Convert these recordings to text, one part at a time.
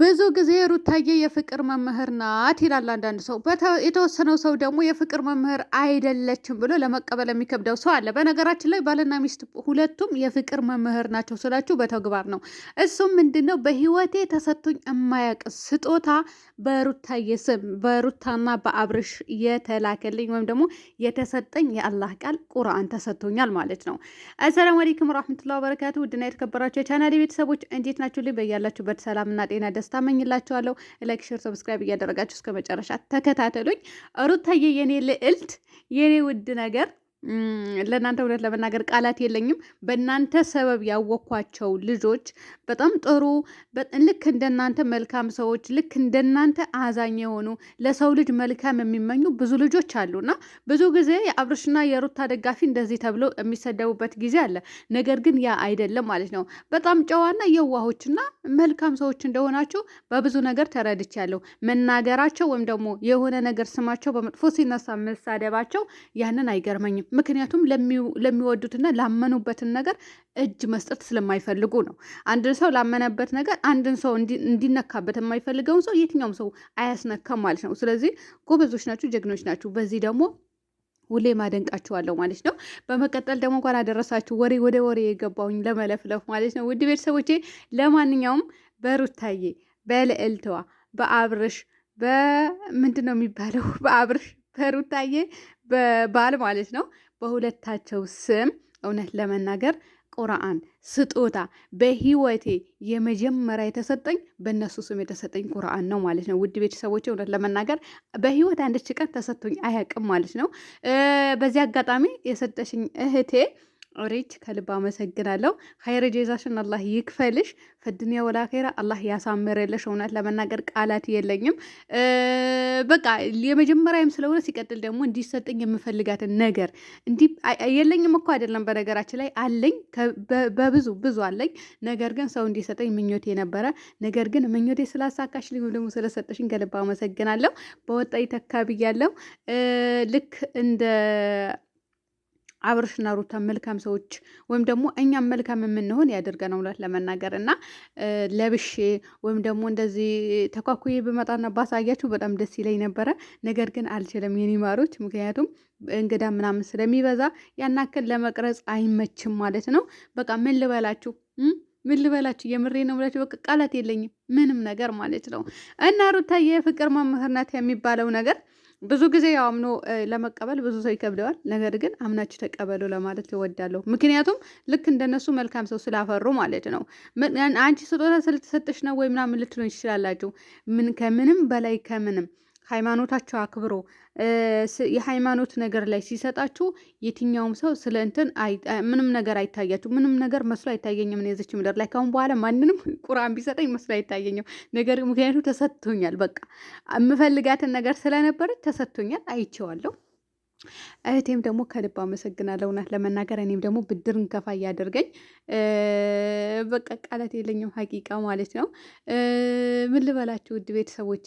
ብዙ ጊዜ ሩታዬ የፍቅር መምህር ናት ይላል አንዳንድ ሰው። የተወሰነው ሰው ደግሞ የፍቅር መምህር አይደለችም ብሎ ለመቀበል የሚከብደው ሰው አለ። በነገራችን ላይ ባልና ሚስት ሁለቱም የፍቅር መምህር ናቸው ስላችሁ በተግባር ነው። እሱም ምንድን ነው በህይወቴ ተሰጥቶኝ የማያውቅ ስጦታ በሩታዬ ስም በሩታና በአብርሽ የተላከልኝ ወይም ደግሞ የተሰጠኝ የአላህ ቃል ቁርአን ተሰጥቶኛል ማለት ነው። አሰላሙ አለይኩም ወራህመቱላሂ ወበረካቱ። ውድና የተከበራችሁ የቻናሌ ቤተሰቦች እንዴት ናችሁ? ልኝ በያላችሁበት ሰላምና ጤና ደስ ደስታ ታመኝላችኋለሁ። ላይክ፣ ሼር፣ ሰብስክራይብ እያደረጋችሁ እስከ መጨረሻ ተከታተሉኝ። ሩታዬ የኔ ልዕልት የኔ ውድ ነገር ለእናንተ እውነት ለመናገር ቃላት የለኝም። በእናንተ ሰበብ ያወኳቸው ልጆች በጣም ጥሩ፣ ልክ እንደናንተ መልካም ሰዎች፣ ልክ እንደናንተ አዛኝ የሆኑ ለሰው ልጅ መልካም የሚመኙ ብዙ ልጆች አሉና ብዙ ጊዜ የአብርሽና የሩታ ደጋፊ እንደዚህ ተብሎ የሚሰደቡበት ጊዜ አለ። ነገር ግን ያ አይደለም ማለት ነው። በጣም ጨዋና የዋሆችና መልካም ሰዎች እንደሆናችሁ በብዙ ነገር ተረድቻለሁ። መናገራቸው ወይም ደግሞ የሆነ ነገር ስማቸው በመጥፎ ሲነሳ መሳደባቸው ያንን አይገርመኝም። ምክንያቱም ለሚወዱትና ላመኑበትን ነገር እጅ መስጠት ስለማይፈልጉ ነው። አንድን ሰው ላመነበት ነገር አንድን ሰው እንዲነካበት የማይፈልገውን ሰው የትኛውም ሰው አያስነካም ማለት ነው። ስለዚህ ጎበዞች ናችሁ፣ ጀግኖች ናችሁ። በዚህ ደግሞ ሁሌ ማደንቃችኋለሁ ማለት ነው። በመቀጠል ደግሞ እንኳን አደረሳችሁ ወሬ ወደ ወሬ የገባውኝ ለመለፍለፍ ማለት ነው። ውድ ቤተሰቦቼ ለማንኛውም በሩታዬ በልዕልትዋ በአብርሽ በምንድን ነው የሚባለው በአብርሽ በሩታዬ በባል ማለት ነው። በሁለታቸው ስም እውነት ለመናገር ቁርአን ስጦታ በህይወቴ የመጀመሪያ የተሰጠኝ በእነሱ ስም የተሰጠኝ ቁርአን ነው ማለት ነው። ውድ ቤተሰቦች እውነት ለመናገር በህይወት አንድች ቀን ተሰጥቶኝ አያውቅም ማለት ነው። በዚህ አጋጣሚ የሰጠሽኝ እህቴ ሬች ከልብ አመሰግናለሁ። ሀይረ ጀዛሽን አላህ ይክፈልሽ። ፍድንያ ወላኺራ አላህ ያሳምረልሽ። እውነት ለመናገር ቃላት የለኝም። በቃ የመጀመሪያም ስለሆነ ሲቀጥል ደግሞ እንዲሰጠኝ የምፈልጋትን ነገር እንዲህ የለኝም እኮ አይደለም። በነገራችን ላይ አለኝ፣ በብዙ ብዙ አለኝ። ነገር ግን ሰው እንዲሰጠኝ ምኞቴ ነበረ። ነገር ግን ምኞቴ ስላሳካሽ ወይም ደግሞ ስለሰጠሽኝ ከልብ አመሰግናለሁ። በወጣ ይተካ ብያለሁ። ልክ እንደ አብርሽና ሩታ መልካም ሰዎች ወይም ደግሞ እኛም መልካም የምንሆን ያደርገን እውነት ለመናገር እና ለብሼ ወይም ደግሞ እንደዚህ ተኳኩዬ ብመጣና ባሳያችሁ በጣም ደስ ይለኝ ነበረ። ነገር ግን አልችልም የኒማሮች ምክንያቱም እንግዳ ምናምን ስለሚበዛ ያናክል ለመቅረጽ አይመችም ማለት ነው። በቃ ምን ልበላችሁ ምን ልበላችሁ የምሬ ነው ብላችሁ በቃ ቃላት የለኝም ምንም ነገር ማለት ነው። እና ሩታዬ ፍቅር መምህርነት የሚባለው ነገር ብዙ ጊዜ ያው አምኖ ለመቀበል ብዙ ሰው ይከብደዋል። ነገር ግን አምናችሁ ተቀበሉ ለማለት እወዳለሁ። ምክንያቱም ልክ እንደነሱ መልካም ሰው ስላፈሩ ማለት ነው። አንቺ ስጦታ ስለተሰጠሽ ነው ወይ ምናምን ልትሉ ይችላላችሁ። ምን ከምንም በላይ ከምንም ሃይማኖታቸው አክብሮ የሃይማኖት ነገር ላይ ሲሰጣችሁ የትኛውም ሰው ስለ እንትን ምንም ነገር አይታያችሁ፣ ምንም ነገር መስሎ አይታየኝም። ነው የዘች ምድር ላይ ካሁን በኋላ ማንንም ቁርአን ቢሰጠኝ መስሎ አይታየኝም። ነገር ምክንያቱ ተሰጥቶኛል። በቃ የምፈልጋትን ነገር ስለነበረች ተሰጥቶኛል፣ አይቼዋለሁ። እህቴም ደግሞ ከልብ አመሰግናለሁ። እውነት ለመናገር እኔም ደግሞ ብድር እንከፋ እያደርገኝ በቃ ቃላት የለኝም ሀቂቃ ማለት ነው። ምን ልበላችሁ ውድ ቤተሰቦቼ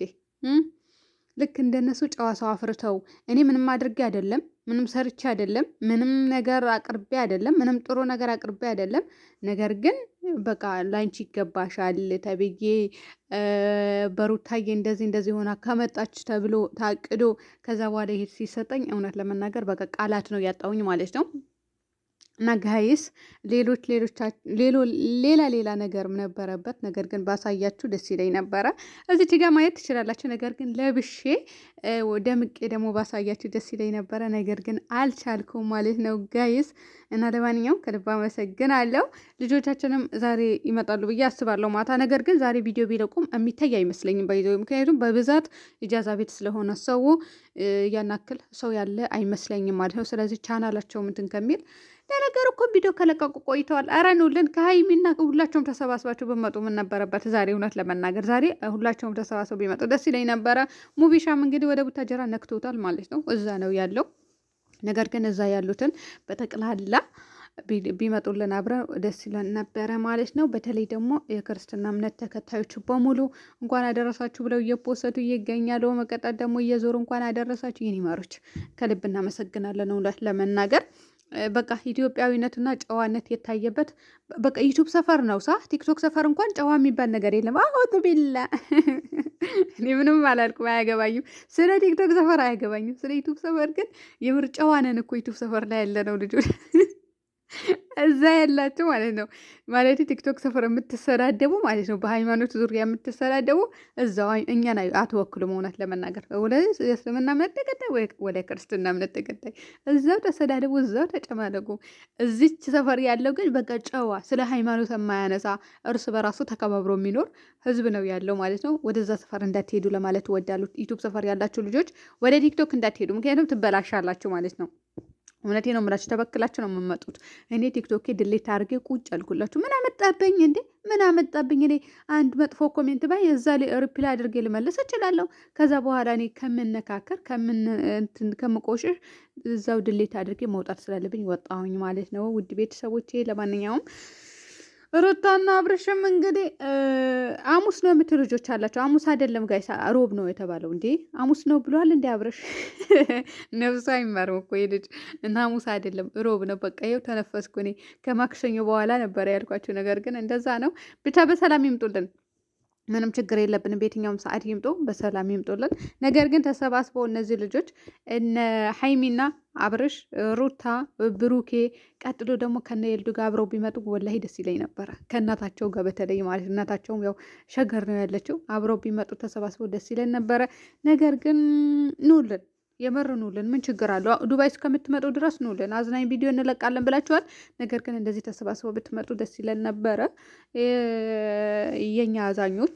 ልክ እንደነሱ ጨዋ ሰው አፍርተው እኔ ምንም አድርጌ አይደለም፣ ምንም ሰርቼ አይደለም፣ ምንም ነገር አቅርቤ አይደለም፣ ምንም ጥሩ ነገር አቅርቤ አይደለም። ነገር ግን በቃ ላንቺ ይገባሻል ተብዬ በሩታዬ እንደዚህ እንደዚህ ሆና ከመጣች ተብሎ ታቅዶ ከዛ በኋላ ይሄ ሲሰጠኝ እውነት ለመናገር በቃ ቃላት ነው ያጣውኝ ማለት ነው። ነጋይስ ሌሎች ሌሎ ሌላ ሌላ ነገርም ነበረበት። ነገር ግን ባሳያችሁ ደስ ይለኝ ነበረ። እዚች ጋር ማየት ትችላላችሁ። ነገር ግን ለብሼ ደምቄ ደግሞ ባሳያችሁ ደስ ይለኝ ነበረ። ነገር ግን አልቻልኩም ማለት ነው ጋይስ። እና ለማንኛውም ከልብ አመሰግናለሁ። ልጆቻችንም ዛሬ ይመጣሉ ብዬ አስባለሁ ማታ። ነገር ግን ዛሬ ቪዲዮ ቢለቁም የሚታይ አይመስለኝም በይዘ ምክንያቱም በብዛት ኢጃዛ ቤት ስለሆነ ሰው ያናክል ሰው ያለ አይመስለኝም ማለት ነው። ስለዚህ ቻናላቸው ምንትን ከሚል ለነገሩ እኮ ቪዲዮ ከለቀቁ ቆይተዋል። አረ ኑልን ከሀይሚና ሁላቸውም ተሰባስባቸው ብመጡ ምን ነበረበት? ዛሬ እውነት ለመናገር ዛሬ ሁላቸውም ተሰባስበው ቢመጡ ደስ ይለኝ ነበረ። ሙቪሻም እንግዲህ ወደ ቡታጀራ ነክቶታል ማለት ነው። እዛ ነው ያለው። ነገር ግን እዛ ያሉትን በጠቅላላ ቢመጡልን አብረ ደስ ይለን ነበረ ማለት ነው። በተለይ ደግሞ የክርስትና እምነት ተከታዮች በሙሉ እንኳን አደረሳችሁ ብለው እየፖሰቱ ይገኛሉ። በመቀጠል ደግሞ እየዞሩ እንኳን አደረሳችሁ ይህን ይመሮች ከልብ እናመሰግናለን ለመናገር በቃ ኢትዮጵያዊነትና ጨዋነት የታየበት በቃ ዩቱብ ሰፈር ነው ሳ ቲክቶክ ሰፈር እንኳን ጨዋ የሚባል ነገር የለም። አሁቱ ቢላ እኔ ምንም አላልኩም፣ አያገባኝም። ስለ ቲክቶክ ሰፈር አያገባኝም። ስለ ዩቱብ ሰፈር ግን የምር ጨዋነን እኮ ዩቱብ ሰፈር ላይ ያለ ነው ልጆች እዛ ያላችሁ ማለት ነው ማለት ቲክቶክ ሰፈር የምትሰዳደቡ ማለት ነው በሃይማኖት ዙሪያ የምትሰዳደቡ እዛው እኛን አትወክሉም። እውነት ለመናገር ወደ እምነት ተከታይ ወደ ክርስትና እምነት ተከታይ እዛው ተሰዳደቡ፣ እዛው ተጨማለቁ። እዚች ሰፈር ያለው ግን በቃ ጨዋ፣ ስለ ሃይማኖት የማያነሳ እርስ በራሱ ተከባብሮ የሚኖር ህዝብ ነው ያለው ማለት ነው። ወደዛ ሰፈር እንዳትሄዱ ለማለት እወዳለሁ። ዩቱብ ሰፈር ያላችሁ ልጆች ወደ ቲክቶክ እንዳትሄዱ፣ ምክንያቱም ትበላሻላችሁ ማለት ነው። እውነቴ ነው የምላችሁ፣ ተበክላችሁ ነው የምመጡት። እኔ ቲክቶኬ ድሌት አድርጌ ቁጭ አልኩላችሁ። ምን አመጣብኝ እንዴ? ምን አመጣብኝ? እኔ አንድ መጥፎ ኮሜንት ባይ እዛ ሪፕላይ አድርጌ ልመለስ እችላለሁ። ከዛ በኋላ እኔ ከምነካከር ከምቆሽሽ እዛው ድሌት አድርጌ መውጣት ስላለብኝ ወጣሁኝ ማለት ነው። ውድ ቤተሰቦቼ ለማንኛውም ሩታና አብርሽም እንግዲህ አሙስ ነው የምትል ልጆች አላቸው። አሙስ አይደለም ጋይ ሮብ ነው የተባለው። እንዴ አሙስ ነው ብሏል። እንደ አብርሽ ነብሱ አይማርም እኮ ልጅ እና አሙስ አይደለም ሮብ ነው። በቃ ይኸው ተነፈስኩ እኔ ከማክሰኞ በኋላ ነበረ ያልኳቸው ነገር ግን እንደዛ ነው። ብቻ በሰላም ይምጡልን። ምንም ችግር የለብንም። በየትኛውም ሰዓት ይምጡ፣ በሰላም ይምጡልን። ነገር ግን ተሰባስበው እነዚህ ልጆች እነ ሀይሚና አብርሽ፣ ሩታ፣ ብሩኬ ቀጥሎ ደግሞ ከነ የልዱ ጋር አብረው ቢመጡ ወላሂ ደስ ይለኝ ነበረ። ከእናታቸው ጋር በተለይ ማለት እናታቸውም ያው ሸገር ነው ያለችው። አብረው ቢመጡ ተሰባስበው ደስ ይለን ነበረ። ነገር ግን ኑልን የምር ኑልን፣ ምን ችግር አለው? ዱባይ እስከምትመጡ ድረስ ኑልን፣ አዝናኝ ቪዲዮ እንለቃለን ብላችኋል። ነገር ግን እንደዚህ ተሰባስበው ብትመጡ ደስ ይለን ነበረ። የኛ አዛኞች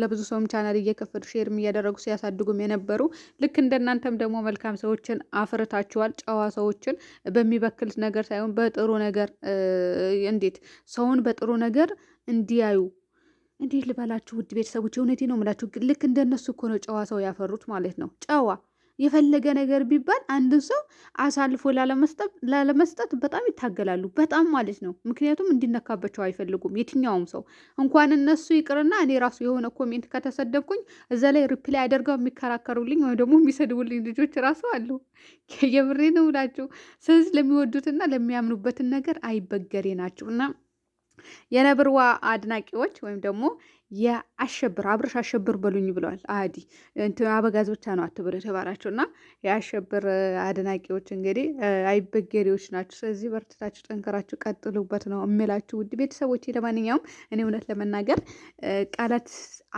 ለብዙ ሰውም ቻናል እየከፈቱ ሼርም እያደረጉ ሲያሳድጉም የነበሩ ልክ እንደናንተም ደግሞ መልካም ሰዎችን አፍርታችኋል። ጨዋ ሰዎችን በሚበክል ነገር ሳይሆን በጥሩ ነገር እንዴት ሰውን በጥሩ ነገር እንዲያዩ እንዴት ልበላችሁ ውድ ቤተሰቦች፣ እውነቴ ነው የምላችሁ። ልክ እንደነሱ እኮ ነው ጨዋ ሰው ያፈሩት ማለት ነው ጨዋ የፈለገ ነገር ቢባል አንድ ሰው አሳልፎ ላለመስጠት በጣም ይታገላሉ። በጣም ማለት ነው። ምክንያቱም እንዲነካባቸው አይፈልጉም። የትኛውም ሰው እንኳን እነሱ ይቅርና እኔ ራሱ የሆነ ኮሜንት ከተሰደብኩኝ እዛ ላይ ሪፕላይ አደርገው የሚከራከሩልኝ ወይም ደግሞ የሚሰድቡልኝ ልጆች ራሱ አሉ። የብሬ ነው እላቸው። ስለዚህ ለሚወዱትና ለሚያምኑበትን ነገር አይበገሬ ናቸው እና የነብርዋ አድናቂዎች ወይም ደግሞ የአሸብር አብርሽ አሸብር በሉኝ ብለዋል። አዲ አበጋዝ ብቻ ነው አትበሉ የተባላቸው እና የአሸብር አድናቂዎች እንግዲህ አይበገሬዎች ናቸው። ስለዚህ በርትታችሁ ጠንከራችሁ ቀጥሉበት ነው የሚላችሁ ውድ ቤተሰቦች። ለማንኛውም እኔ እውነት ለመናገር ቃላት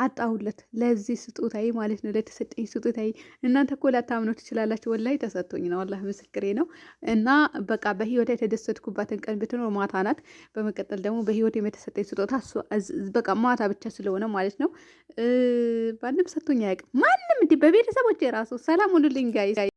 አጣሁለት ለዚህ ስጦታዬ ማለት ነው ለተሰጠኝ ስጦታዬ። እናንተ እኮ ላታምኖ ትችላላችሁ። ወላሂ ተሰጥቶኝ ነው ወላሂ ምስክሬ ነው። እና በቃ በህይወት የተደሰትኩባትን ቀን ብትኖር ማታ ናት። በመቀጠል ደግሞ በህይወት የተሰጠኝ ስጦታ በቃ ማታ ብቻ ስለሆነ ማለት ነው። ማንም ሰጥቶኝ አያውቅም። ማንም እንዲህ በቤተሰቦች የራሱ ሰላም ሁሉልኝ ጋይ